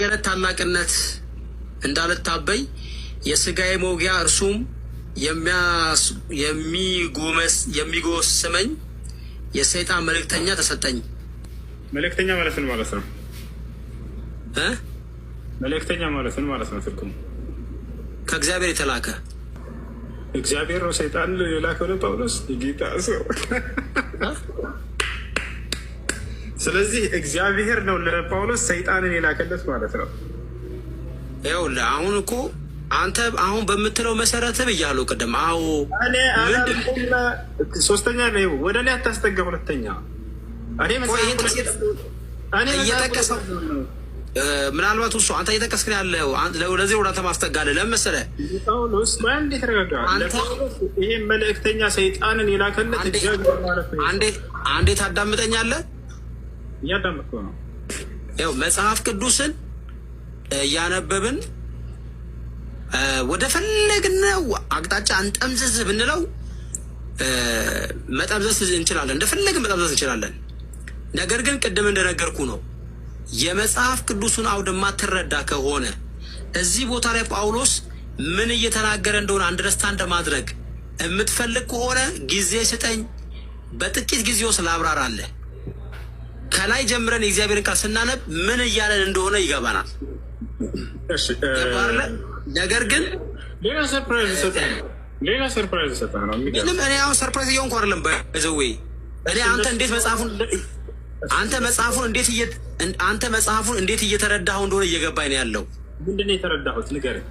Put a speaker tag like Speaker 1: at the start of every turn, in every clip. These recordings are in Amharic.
Speaker 1: በሰገነት ታላቅነት እንዳልታበይ የስጋዬ መውጊያ እርሱም የሚጎስመኝ የሰይጣን መልእክተኛ ተሰጠኝ።
Speaker 2: መልእክተኛ ማለት ነው ማለት ነው መልእክተኛ ማለት ነው ማለት ነው። ትርጉም
Speaker 1: ከእግዚአብሔር የተላከ
Speaker 2: እግዚአብሔር ነው። ሰይጣን የላከው ነው ጳውሎስ የጌታ ሰው ስለዚህ እግዚአብሔር ነው ለጳውሎስ ሰይጣንን የላከለት ማለት ነው።
Speaker 1: ይኸውልህ አሁን እኮ አንተ አሁን በምትለው መሰረት ብያለሁ ቅድም። አዎ
Speaker 2: ሶስተኛ ላይ ወደ ላይ አታስጠጋ። ሁለተኛ
Speaker 1: እየጠቀሰው ምናልባት እሱ አንተ እየጠቀስክ ያለው ለዚህ ወደ አንተ ማስጠጋለህ ለምን መሰለህ?
Speaker 2: ጳውሎስ በአንድ የተረጋጋ ይህ መልእክተኛ ሰይጣንን የላከለት ማለት
Speaker 1: ነው። አንዴ ታዳምጠኛለህ
Speaker 2: እያዳመጥኩ ነው።
Speaker 1: ያው መጽሐፍ ቅዱስን እያነበብን ወደ ፈለግነው አቅጣጫ እንጠምዘዝ ብንለው መጠምዘዝ እንችላለን፣ እንደፈለግን መጠምዘዝ እንችላለን። ነገር ግን ቅድም እንደነገርኩ ነው የመጽሐፍ ቅዱሱን አውድ የማትረዳ ከሆነ እዚህ ቦታ ላይ ጳውሎስ ምን እየተናገረ እንደሆነ አንደርስታንድ ማድረግ የምትፈልግ ከሆነ ጊዜ ስጠኝ፣ በጥቂት ጊዜ ውስጥ ላብራራለህ። ከላይ ጀምረን የእግዚአብሔርን ቃል ስናነብ ምን እያለን እንደሆነ ይገባናል። ነገር ግን
Speaker 2: ሌላ ሰርፕራይዝ ይሰጠናል። ሌላ
Speaker 1: ምንም እኔ አሁን ሰርፕራይዝ እየሆንኩ አይደለም። በዘወይ እኔ አንተ እንዴት መጽሐፉን አንተ መጽሐፉን እንዴት አንተ መጽሐፉን እንዴት እየተረዳኸው እንደሆነ እየገባኝ ነው ያለው።
Speaker 2: ምንድን ነው የተረዳሁት ንገረኝ።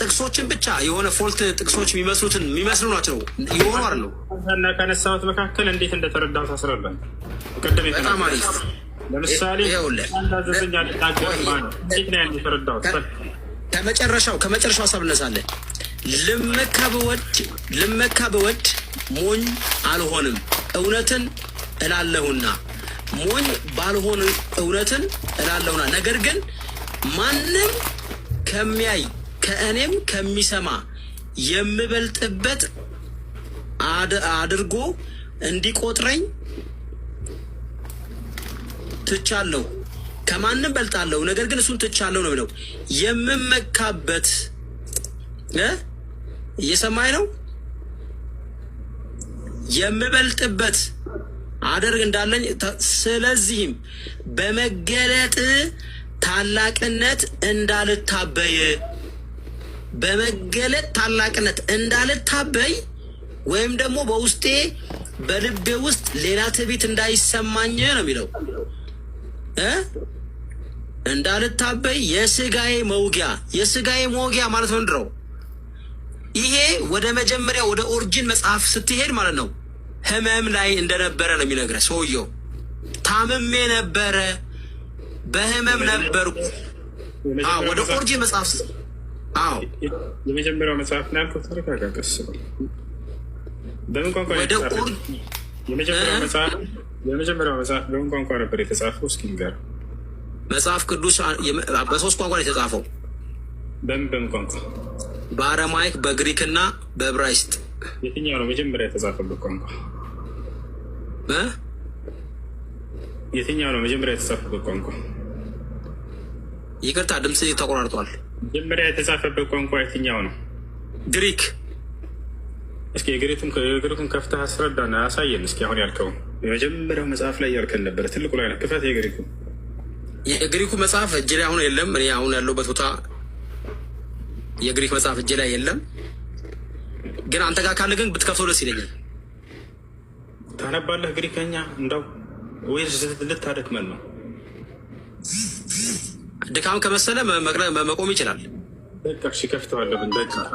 Speaker 1: ጥቅሶችን ብቻ የሆነ ፎልት ጥቅሶች የሚመስሉትን የሚመስሉ ናቸው የሆኑ አለው
Speaker 2: እና ከነሳሁት መካከል እንዴት እንደተረዳው ታስረዳል።
Speaker 1: ቅድም በጣም አሪፍ ከመጨረሻው ከመጨረሻው ሀሳብ እነሳለን። ልመካ በወድ ልመካ በወድ ሞኝ አልሆንም እውነትን እላለሁና ሞኝ ባልሆን እውነትን እላለሁና ነገር ግን ማንም ከሚያይ ከእኔም ከሚሰማ የምበልጥበት አድርጎ እንዲቆጥረኝ ትቻለሁ። ከማንም በልጣለሁ፣ ነገር ግን እሱን ትቻለሁ ነው የሚለው። የምመካበት እየሰማኝ ነው። የምበልጥበት አደርግ እንዳለኝ ስለዚህም በመገለጥ ታላቅነት እንዳልታበይ በመገለጥ ታላቅነት እንዳልታበይ ወይም ደግሞ በውስጤ በልቤ ውስጥ ሌላ ትዕቢት እንዳይሰማኝ ነው የሚለው እንዳልታበይ የስጋዬ መውጊያ የስጋዬ መውጊያ ማለት ነው ነው? ይሄ ወደ መጀመሪያ ወደ ኦርጂን መጽሐፍ ስትሄድ ማለት ነው ህመም ላይ እንደነበረ ነው የሚነግረ ሰውየው ታምሜ ነበረ በህመም ነበርኩ። ወደ ኦርጂ መጽሐፍ አዎ፣
Speaker 2: የመጀመሪያው መጽሐፍ ነው ያልኩት። ተረጋጋቀስ በምን ቋንቋ ወደ ኦርጂ የመጀመሪያው መጽሐፍ በምን ቋንቋ ነበር የተጻፈው? እስኪ ንገረው።
Speaker 1: መጽሐፍ ቅዱስ በሶስት ቋንቋ ነው የተጻፈው።
Speaker 2: በምን በምን ቋንቋ?
Speaker 1: በአረማይክ በግሪክና በብራይስጥ።
Speaker 2: የትኛው ነው መጀመሪያ የተጻፈበት ቋንቋ? የትኛው ነው መጀመሪያ የተጻፈበት ቋንቋ?
Speaker 1: ይቅርታ ድምፅ ተቆራርጧል።
Speaker 2: መጀመሪያ የተጻፈበት ቋንቋ የትኛው ነው? ግሪክ። እስኪ የግሪኩን ከፍተህ አስረዳና አሳየን እስኪ። አሁን ያልከው የመጀመሪያው መጽሐፍ ላይ ያልከን ነበረ፣ ትልቁ ላይ ነው። ክፈት። የግሪኩ
Speaker 1: የግሪኩ መጽሐፍ እጅ ላይ አሁን የለም። እኔ አሁን ያለሁበት ቦታ የግሪክ መጽሐፍ እጅ ላይ የለም፣ ግን አንተ ጋር ካለ ግን ብትከፍተው ደስ ይለኛል።
Speaker 2: ታነባለህ ግሪከኛ እንደው ወይ ልታደክመን ነው?
Speaker 1: ድካም ከመሰለ መቆም ይችላል።
Speaker 2: እሺ ከፍተዋለሁ።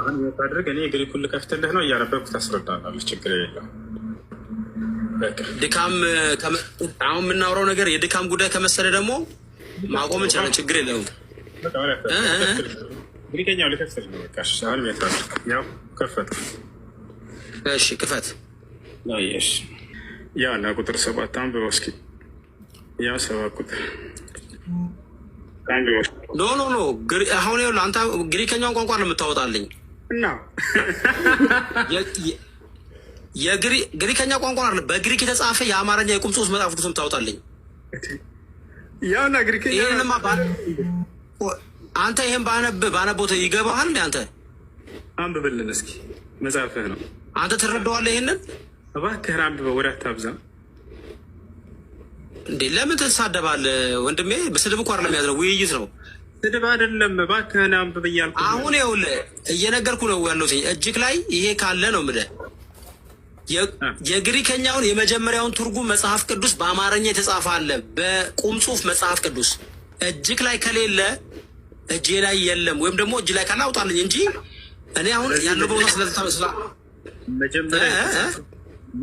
Speaker 2: አሁን ታድርግ። እኔ እግሪ ሁሉ ከፍትልህ ነው እያረበኩ ታስረዳላለች። ችግር የለም።
Speaker 1: ድካም አሁን የምናውረው ነገር የድካም ጉዳይ ከመሰለ ደግሞ ማቆም እንችላለን። ችግር የለውም።
Speaker 2: ግሪከኛው ልከፍትል ነው። በቃ አሁን ያው ከፈት። እሺ ክፈት። ያው እና ቁጥር ሰባት አንብበው እስኪ ያው ሰባት ቁጥር
Speaker 1: ኖ ኖ ኖ አሁን ይኸውልህ አንተ ግሪከኛውን ቋንቋ ነው የምታወጣልኝ። ግሪከኛ ቋንቋ አለ። በግሪክ የተጻፈ የአማርኛ የቁም ጽሑፍ መጽሐፍ ቅዱስ የምታወጣልኝ።
Speaker 2: ያውና ግሪከኛ
Speaker 1: አንተ ይህን ባነብ ባነቦት ይገባሃል። እንደ አንተ
Speaker 2: አንብብልን እስኪ መጽሐፍህ ነው።
Speaker 1: አንተ ትረዳዋለህ ይህንን
Speaker 2: እባክህን ወደ አታብዛም
Speaker 1: እንዴ ለምን ትሳደባለህ ወንድሜ? በስድብ እኮ አይደለም ያዝነው፣ ውይይት ነው።
Speaker 2: ስድብ አይደለም። እባክህን አንብብ እያልኩ
Speaker 1: አሁን ይኸውልህ እየነገርኩ ነው ያለሁት። እጅግ ላይ ይሄ ካለ ነው የምልህ የግሪከኛውን የመጀመሪያውን ትርጉም መጽሐፍ ቅዱስ በአማርኛ የተጻፈ አለ፣ በቁም ጽሁፍ መጽሐፍ ቅዱስ። እጅግ ላይ ከሌለ እጄ ላይ የለም ወይም ደግሞ እጅ ላይ ካለ አውጣልኝ እንጂ እኔ አሁን ያለው በሆነ
Speaker 2: መጀመሪያ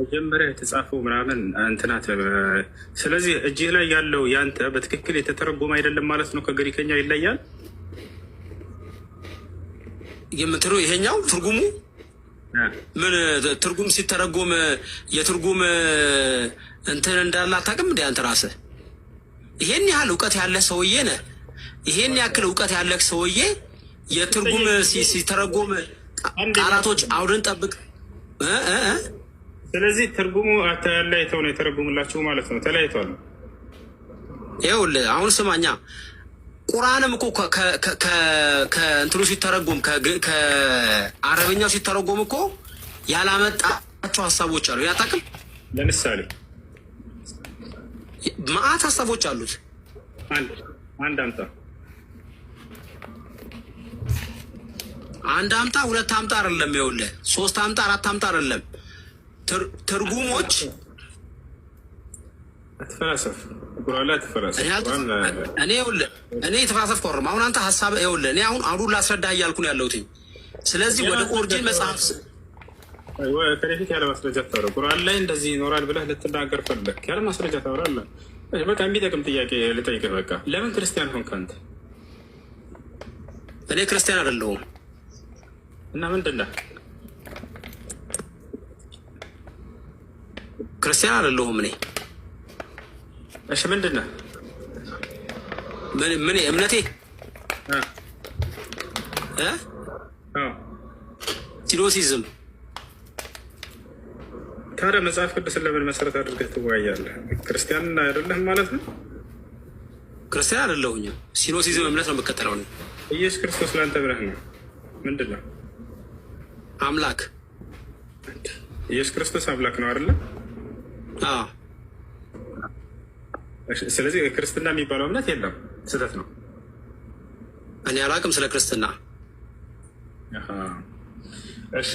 Speaker 2: መጀመሪያ የተጻፈው ምናምን እንትናት። ስለዚህ እጅህ ላይ ያለው ያንተ በትክክል የተተረጎመ አይደለም ማለት ነው። ከግሪከኛው ይለያል
Speaker 1: የምትለው ይሄኛው ትርጉሙ ምን ትርጉም ሲተረጎም የትርጉም እንትን እንዳለ አታውቅም እንደ አንተ ራስህ። ይሄን ያህል እውቀት ያለ ሰውዬ ነህ። ይሄን ያክል እውቀት ያለ ሰውዬ የትርጉም ሲተረጎም ቃላቶች አውድን ጠብቅ
Speaker 2: ስለዚህ ትርጉሙ ተለያይተው ነው የተረጉሙላችሁ ማለት ነው። ተለያይተዋል።
Speaker 1: ይኸውልህ አሁን ስማኛ ቁርአንም እኮ ከእንትኑ ሲተረጎም ከአረበኛው ሲተረጎም እኮ ያላመጣቸው ሀሳቦች አሉ። ያታቅም ለምሳሌ መዓት ሀሳቦች አሉት። አንድ አምጣ አንድ አምጣ ሁለት አምጣ አይደለም፣ ይኸውልህ ሶስት አምጣ አራት አምጣ አይደለም ትርጉሞች አትፈላሰፍ እኔ እኔ የተፈላሰፍኩ አሁን አንተ ሀሳብ ይኸውልህ፣ እኔ አሁን አሁን ላስረዳ እያልኩ ነው ያለሁት። ስለዚህ ወደ ኦሪጂን መጽሐፍ
Speaker 2: ከፊት ያለ ማስረጃ ታረ ቁርአን ላይ እንደዚህ ይኖራል ብለህ ልትናገር ፈለግ ያለ ማስረጃ ታወራለህ። በቃ የሚጠቅም ጥያቄ ልጠይቅ። በቃ ለምን ክርስቲያን ሆንክ አንተ?
Speaker 1: እኔ ክርስቲያን አይደለሁም እና ምንድን ነህ? ክርስቲያን አይደለሁም እኔ። እሺ ምንድን ነው ምን እምነቴ ሲኖሲዝም
Speaker 2: ታዲያ መጽሐፍ ቅዱስን ለምን መሰረት አድርገህ ትወያያለህ? ክርስቲያን አይደለህም ማለት ነው።
Speaker 1: ክርስቲያን አይደለሁኝም። ሲኖሲዝም እምነት ነው የምከተለው።
Speaker 2: ኢየሱስ ክርስቶስ ለአንተ ብለህ ነው ምንድን ነው አምላክ። ኢየሱስ ክርስቶስ አምላክ ነው አይደለም? ስለዚህ ክርስትና የሚባለው እምነት የለም፣ ስህተት ነው።
Speaker 1: እኔ አላውቅም ስለ ክርስትና።
Speaker 2: እሺ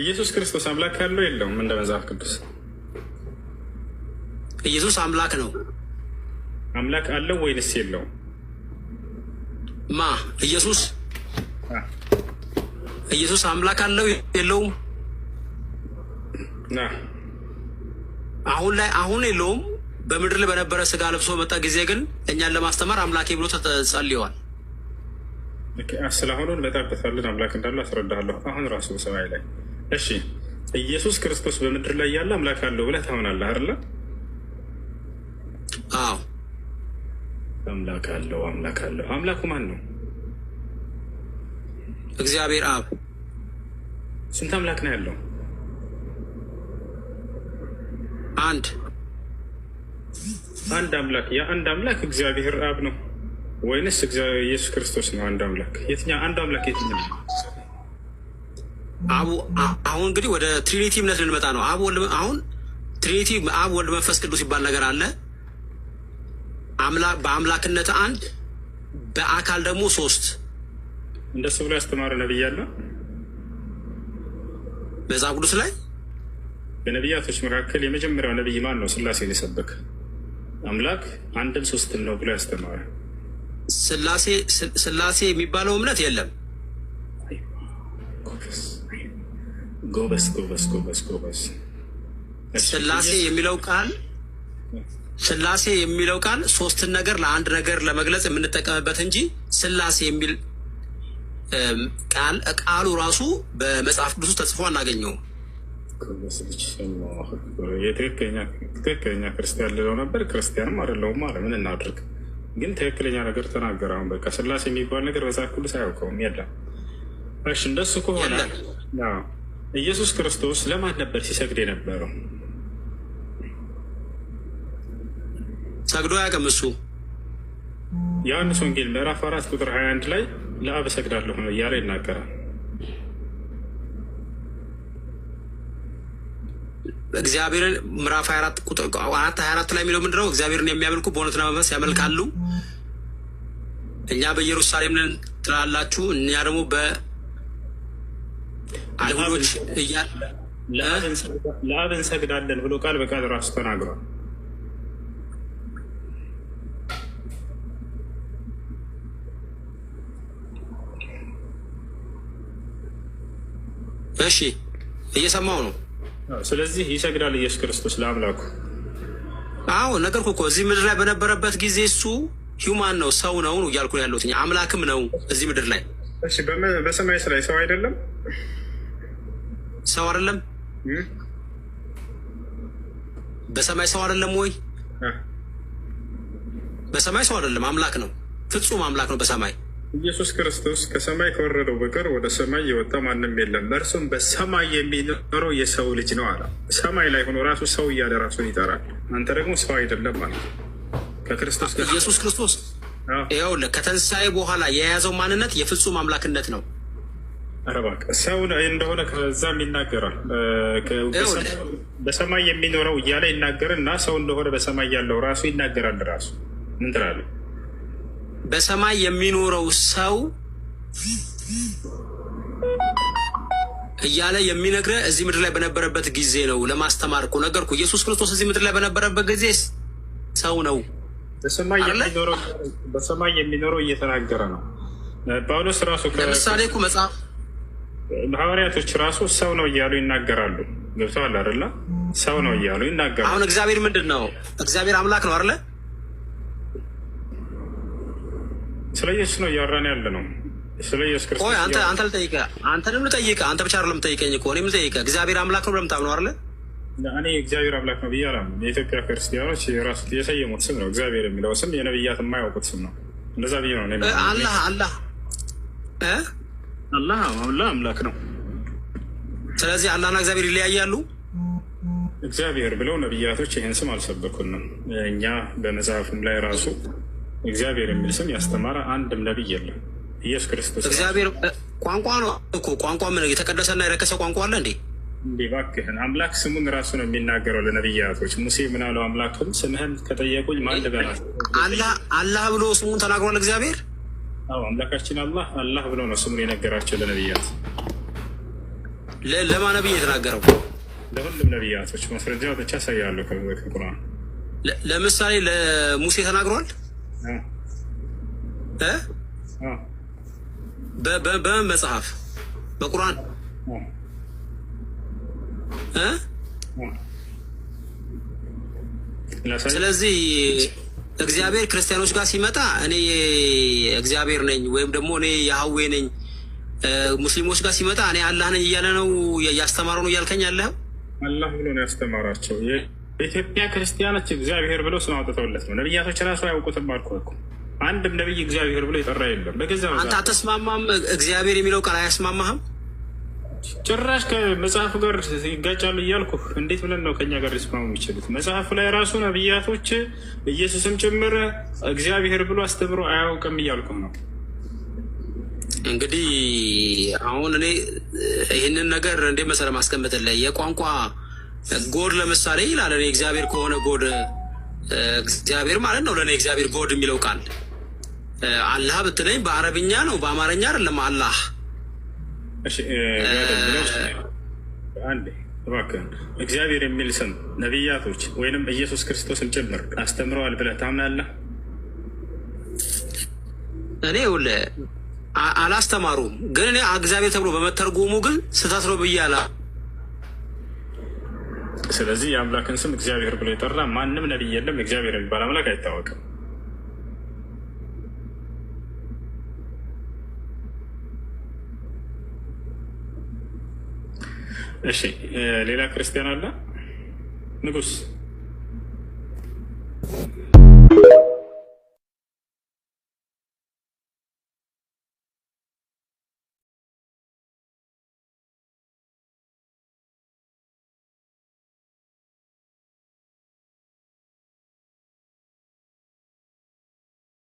Speaker 2: ኢየሱስ ክርስቶስ አምላክ ያለው የለውም? እንደ መጽሐፍ ቅዱስ
Speaker 1: ኢየሱስ አምላክ ነው።
Speaker 2: አምላክ አለው ወይንስ የለውም?
Speaker 1: ማ ኢየሱስ ኢየሱስ አምላክ አለው የለውም? አሁን ላይ አሁን የለውም። በምድር ላይ በነበረ ስጋ ለብሶ በመጣ ጊዜ ግን እኛን ለማስተማር አምላኬ ብሎ ተጸልየዋል።
Speaker 2: ስለአሁኑን እንመጣበታለን። አምላክ እንዳለ አስረዳለሁ። አሁን ራሱ ሰማይ ላይ እሺ፣ ኢየሱስ ክርስቶስ በምድር ላይ ያለ አምላክ አለው ብለህ ታምናለህ አይደለ? አዎ አምላክ አለው። አምላክ አለው። አምላኩ ማን ነው?
Speaker 1: እግዚአብሔር አብ።
Speaker 2: ስንት አምላክ ነው ያለው? አንድ አንድ አምላክ የአንድ አምላክ እግዚአብሔር አብ ነው ወይንስ ኢየሱስ ክርስቶስ ነው? አንድ አምላክ የትኛው አንድ አምላክ የትኛው?
Speaker 1: አሁን እንግዲህ ወደ ትሪኒቲ እምነት ልንመጣ ነው። አብ ወልድ አሁን ትሪኒቲ አብ ወልድ መንፈስ ቅዱስ ይባል ነገር አለ። በአምላክነት አንድ፣ በአካል ደግሞ ሶስት።
Speaker 2: እንደሱ ብሎ ያስተማረ ነብይ አለ መጽሐፍ ቅዱስ ላይ በነቢያቶች መካከል የመጀመሪያው ነቢይ ማን ነው? ስላሴን የሰበከ አምላክ አንድም ሶስትም ነው ብሎ ያስተማረ
Speaker 1: ስላሴ የሚባለው እምነት የለም።
Speaker 2: ጎበስ ጎበስ ጎበስ ጎበስ።
Speaker 1: ስላሴ የሚለው ቃል ስላሴ የሚለው ቃል ሶስትን ነገር ለአንድ ነገር ለመግለጽ የምንጠቀምበት እንጂ ስላሴ የሚል ቃል ቃሉ ራሱ በመጽሐፍ ቅዱስ ተጽፎ አናገኘውም።
Speaker 2: ልጅ ትክክለኛ ክርስቲያን ልለው ነበር፣ ክርስቲያንም አይደለሁም አለ። ምን እናድርግ? ግን ትክክለኛ ነገር ተናገረ። አሁን በቃ ስላሴ የሚባል ነገር በዛ ሁሉ ሳያውቀውም የለም። እሺ እንደሱ ከሆነ ኢየሱስ ክርስቶስ ለማን ነበር ሲሰግድ የነበረው?
Speaker 1: ሰግዶ አያውቅም እሱ።
Speaker 2: ዮሐንስ ወንጌል ምዕራፍ አራት ቁጥር 21 ላይ ለአብ እሰግዳለሁ እያለ ይናገራል።
Speaker 1: እግዚአብሔርን ምዕራፍ 24 ቁጥር 24 ላይ የሚለው ምንድነው? እግዚአብሔርን የሚያመልኩ በእውነትና በመንፈስ ያመልካሉ። እኛ በኢየሩሳሌም ነን ትላላችሁ፣ እኛ ደግሞ በአይሁዶች
Speaker 2: ለአብ እንሰግዳለን ብሎ ቃል በቃል ራሱ ተናግሯል።
Speaker 1: እሺ እየሰማው ነው
Speaker 2: ስለዚህ ይሰግዳል ኢየሱስ ክርስቶስ ለአምላኩ።
Speaker 1: አዎ ነገርኩ እኮ እዚህ ምድር ላይ በነበረበት ጊዜ እሱ ሂውማን ነው ሰው ነው እያልኩ ያለሁት አምላክም ነው እዚህ ምድር ላይ።
Speaker 2: በሰማይ ላይ ሰው አይደለም
Speaker 1: ሰው አይደለም በሰማይ ሰው አይደለም ወይ? በሰማይ ሰው አይደለም አምላክ ነው፣ ፍጹም አምላክ ነው በሰማይ
Speaker 2: ኢየሱስ ክርስቶስ ከሰማይ ከወረደው በቀር ወደ ሰማይ የወጣ ማንም የለም፣ እርሱም በሰማይ የሚኖረው የሰው ልጅ ነው አለ። ሰማይ ላይ ሆኖ ራሱ ሰው እያለ ራሱን ይጠራል። አንተ ደግሞ ሰው አይደለም ማለት ከክርስቶስ
Speaker 1: ኢየሱስ ክርስቶስ ይኸውልህ ከተንሳኤ በኋላ የያዘው ማንነት የፍጹም አምላክነት ነው።
Speaker 2: ኧረ እባክህ ሰው እንደሆነ ከዛም ይናገራል። በሰማይ የሚኖረው እያለ ይናገርና ሰው እንደሆነ በሰማይ ያለው ራሱ ይናገራል። ራሱ ምን ትላለህ?
Speaker 1: በሰማይ የሚኖረው ሰው እያለ የሚነግረ እዚህ ምድር ላይ በነበረበት ጊዜ ነው። ለማስተማር ለማስተማርኩ ነገርኩ። ኢየሱስ ክርስቶስ እዚህ ምድር ላይ በነበረበት ጊዜ ሰው ነው።
Speaker 2: በሰማይ የሚኖረው እየተናገረ ነው። ጳውሎስ ራሱ
Speaker 1: ለምሳሌ እኮ መጽሐፍ
Speaker 2: ሐዋርያቶች ራሱ ሰው ነው እያሉ ይናገራሉ። ገብተዋል አይደለ? ሰው ነው እያሉ
Speaker 1: ይናገራሉ። አሁን እግዚአብሔር ምንድን ነው? እግዚአብሔር አምላክ ነው አይደለ?
Speaker 2: ስለ ኢየሱስ ነው እያወራን ያለ ነው። ስለ ኢየሱስ
Speaker 1: ክርስቶስ አንተ አንተ ልጠይቀ አንተ ደግሞ ልጠይቅህ አንተ ብቻ አይደለም ልጠይቀኝ እኮ እኔም ልጠይቀ እግዚአብሔር አምላክ ነው ብለህ የምታምነው አይደለ?
Speaker 2: እኔ እግዚአብሔር አምላክ ነው ብዬ አላምንም። የኢትዮጵያ ክርስቲያኖች የራሱ የሰየሙት ስም ነው። እግዚአብሔር የሚለው ስም የነብያት የማያውቁት ስም ነው። እንደዛ ብዬ ነው
Speaker 1: አላህ አላህ
Speaker 2: አላህ አላህ አምላክ ነው።
Speaker 1: ስለዚህ አላህና እግዚአብሔር ይለያያሉ።
Speaker 2: እግዚአብሔር ብለው ነብያቶች ይህን ስም አልሰበኩንም። እኛ በመጽሐፍም ላይ ራሱ እግዚአብሔር የሚል ስም ያስተማረ አንድም ነቢይ የለም። ኢየሱስ ክርስቶስ
Speaker 1: እግዚአብሔር ቋንቋ ነው እኮ ቋንቋ ምን የተቀደሰና የረከሰ ቋንቋ አለ እንዴ?
Speaker 2: እንዲህ እባክህን አምላክ ስሙን ራሱ ነው የሚናገረው ለነቢያቶች። ሙሴ ምናለው አምላክ ሁን ስምህን ከጠየቁኝ ማን ልበላ?
Speaker 1: አላህ ብሎ ስሙን ተናግሯል እግዚአብሔር።
Speaker 2: አዎ አምላካችን አላህ አላህ ብሎ ነው ስሙን የነገራቸው ለነቢያት።
Speaker 1: ለማ ነቢይ የተናገረው
Speaker 2: ለሁሉም ነቢያቶች ማስረጃ ብቻ ያሳያሉ ከቁርአን።
Speaker 1: ለምሳሌ ለሙሴ ተናግሯል በምን መጽሐፍ? በቁርአን ስለዚህ እግዚአብሔር ክርስቲያኖች ጋር ሲመጣ እኔ እግዚአብሔር ነኝ ወይም ደግሞ እኔ የሀዌ ነኝ፣ ሙስሊሞች ጋር ሲመጣ እኔ አላህ ነኝ እያለ ነው እያስተማረ ነው እያልከኝ አለህ።
Speaker 2: አላህ ብሎ ነው ያስተማራቸው። በኢትዮጵያ ክርስቲያኖች እግዚአብሔር ብለው ስም አውጥተውለት ነው። ነብያቶች ራሱ አያውቁትም። አልኩህ እኮ አንድም ነብይ እግዚአብሔር ብሎ የጠራ የለም።
Speaker 1: በገዛ አንተ አተስማማም። እግዚአብሔር የሚለው ቃል አያስማማህም።
Speaker 2: ጭራሽ ከመጽሐፉ ጋር ይጋጫሉ እያልኩ እንዴት ብለን ነው ከኛ ጋር ሊስማሙ የሚችሉት? መጽሐፉ ላይ ራሱ ነብያቶች ኢየሱስም ጭምር እግዚአብሔር ብሎ አስተምሮ አያውቅም እያልኩ ነው።
Speaker 1: እንግዲህ አሁን እኔ ይህንን ነገር እንዴት መሰለህ ማስቀመጥልህ የቋንቋ ጎድ ለምሳሌ ይላል እኔ እግዚአብሔር ከሆነ ጎድ እግዚአብሔር ማለት ነው። ለእኔ እግዚአብሔር ጎድ የሚለው ቃል አላህ ብትለኝ በአረብኛ ነው፣ በአማርኛ አይደለም። አላህ
Speaker 2: እግዚአብሔር የሚል ስም ነቢያቶች ወይንም ኢየሱስ ክርስቶስን ጭምር አስተምረዋል ብለህ ታምናለህ?
Speaker 1: እኔ ውለ አላስተማሩም፣ ግን እኔ እግዚአብሔር ተብሎ በመተርጎሙ ግን ስህተት ነው ብዬ
Speaker 2: ስለዚህ የአምላክን ስም እግዚአብሔር ብሎ የጠራ ማንም ነቢይ የለም። እግዚአብሔር የሚባል አምላክ አይታወቅም። እሺ ሌላ ክርስቲያን አለ ንጉስ